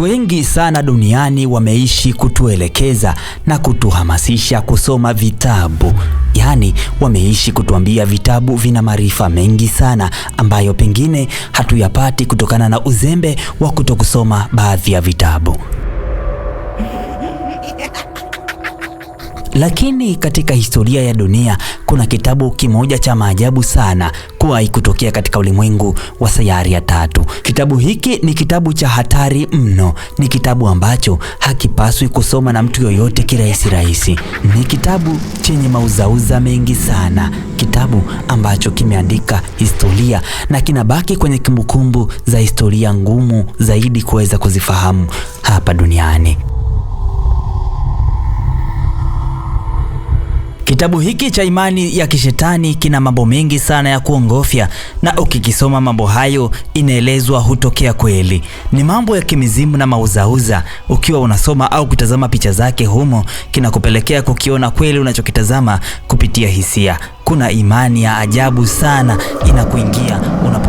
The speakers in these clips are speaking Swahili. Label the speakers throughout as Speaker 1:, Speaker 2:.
Speaker 1: Watu wengi sana duniani wameishi kutuelekeza na kutuhamasisha kusoma vitabu, yaani wameishi kutuambia vitabu vina maarifa mengi sana ambayo pengine hatuyapati kutokana na uzembe wa kutokusoma baadhi ya vitabu. Lakini katika historia ya dunia kuna kitabu kimoja cha maajabu sana kuwahi kutokea katika ulimwengu wa sayari ya tatu. Kitabu hiki ni kitabu cha hatari mno, ni kitabu ambacho hakipaswi kusoma na mtu yoyote kirahisi rahisi. Ni kitabu chenye mauzauza mengi sana, kitabu ambacho kimeandika historia na kinabaki kwenye kumbukumbu za historia ngumu zaidi kuweza kuzifahamu hapa duniani. Kitabu hiki cha imani ya kishetani kina mambo mengi sana ya kuongofya, na ukikisoma mambo hayo inaelezwa hutokea kweli. Ni mambo ya kimizimu na mauzauza. Ukiwa unasoma au kutazama picha zake humo, kinakupelekea kukiona kweli unachokitazama kupitia hisia. Kuna imani ya ajabu sana inakuingia una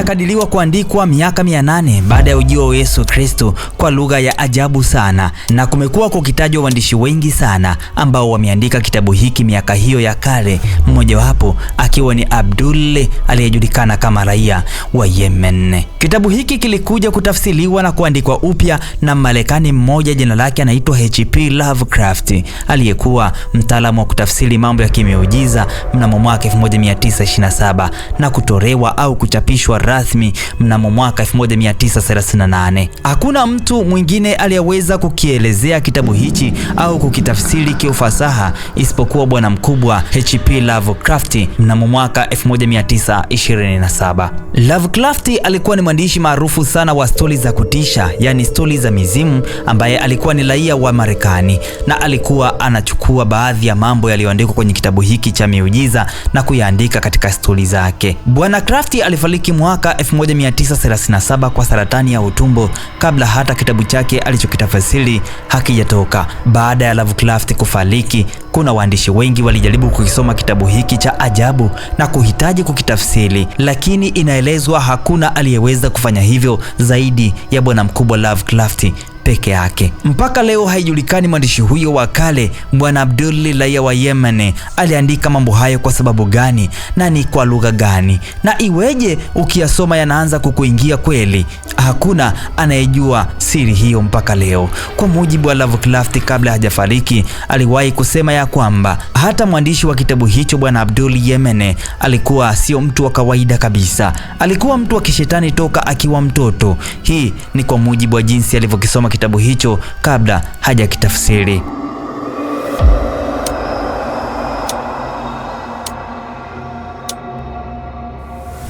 Speaker 1: inakadiriwa kuandikwa miaka mia nane baada ya ujio wa Yesu Kristo kwa lugha ya ajabu sana, na kumekuwa kukitajwa waandishi wengi sana ambao wameandika kitabu hiki miaka hiyo ya kale, mmojawapo akiwa ni Abdul aliyejulikana kama raia wa Yemen. Kitabu hiki kilikuja kutafsiriwa na kuandikwa upya na Marekani mmoja jina lake anaitwa H.P. Lovecraft aliyekuwa mtaalamu wa kutafsiri mambo ya kimiujiza mnamo mwaka 1927 na kutorewa au kuchapishwa rasmi mnamo mwaka 1938. Hakuna mtu mwingine aliyeweza kukielezea kitabu hichi au kukitafsiri kiufasaha isipokuwa bwana mkubwa H.P. Lovecraft mnamo mwaka 1927. Lovecraft alikuwa ni mwandishi maarufu sana wa stori za kutisha, yani stori za mizimu, ambaye alikuwa ni raia wa Marekani na alikuwa anachukua baadhi ya mambo yaliyoandikwa kwenye kitabu hiki cha miujiza na kuyaandika katika stori zake. Bwana Crafty alifariki mwaka 1937 kwa saratani ya utumbo kabla hata kitabu chake alichokitafasiri hakijatoka. Baada ya Lovecraft kufariki, kuna waandishi wengi walijaribu kukisoma kitabu hiki cha ajabu na kuhitaji kukitafsiri, lakini inaelezwa hakuna aliyeweza kufanya hivyo zaidi ya bwana mkubwa Lovecraft peke yake. Mpaka leo haijulikani mwandishi huyo wa kale Bwana Abdulli raia wa Yemen aliandika mambo hayo kwa sababu gani na ni kwa lugha gani, na iweje ukiyasoma yanaanza kukuingia kweli? Hakuna anayejua siri hiyo mpaka leo. Kwa mujibu wa Lovecraft, kabla hajafariki aliwahi kusema ya kwamba hata mwandishi wa kitabu hicho Bwana Abdulli Yemen alikuwa sio mtu wa kawaida kabisa, alikuwa mtu wa kishetani toka akiwa mtoto. Hii ni kwa mujibu wa jinsi alivyokisoma kitabu hicho kabla hajakitafsiri.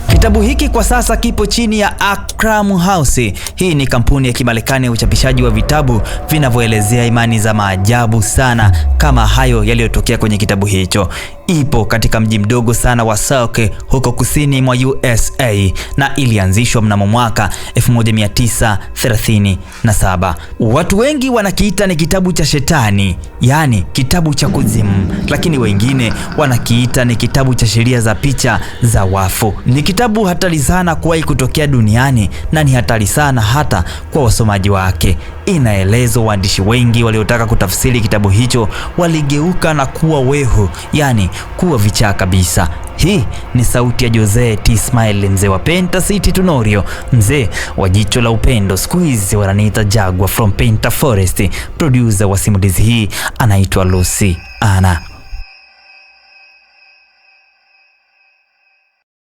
Speaker 1: Kitabu hiki kwa sasa kipo chini ya Akram House. Hii ni kampuni ya Kimarekani ya uchapishaji wa vitabu vinavyoelezea imani za maajabu sana kama hayo yaliyotokea kwenye kitabu hicho ipo katika mji mdogo sana wa Selk huko kusini mwa USA na ilianzishwa mnamo mwaka 1937. Watu wengi wanakiita ni kitabu cha shetani, yaani kitabu cha kuzimu, lakini wengine wanakiita ni kitabu cha sheria za picha za wafu. Ni kitabu hatari sana kuwahi kutokea duniani na ni hatari sana hata kwa wasomaji wake. Inaelezwa waandishi wengi waliotaka kutafsiri kitabu hicho waligeuka na kuwa wehu, yani kuwa vichaa kabisa. Hii ni sauti ya Jose T Smile, mzee wa Penta City Tunorio, mzee wa jicho la upendo. Siku hizi wananiita Jagwa from Penta Forest. Producer wa simulizi hii anaitwa Lucy Ana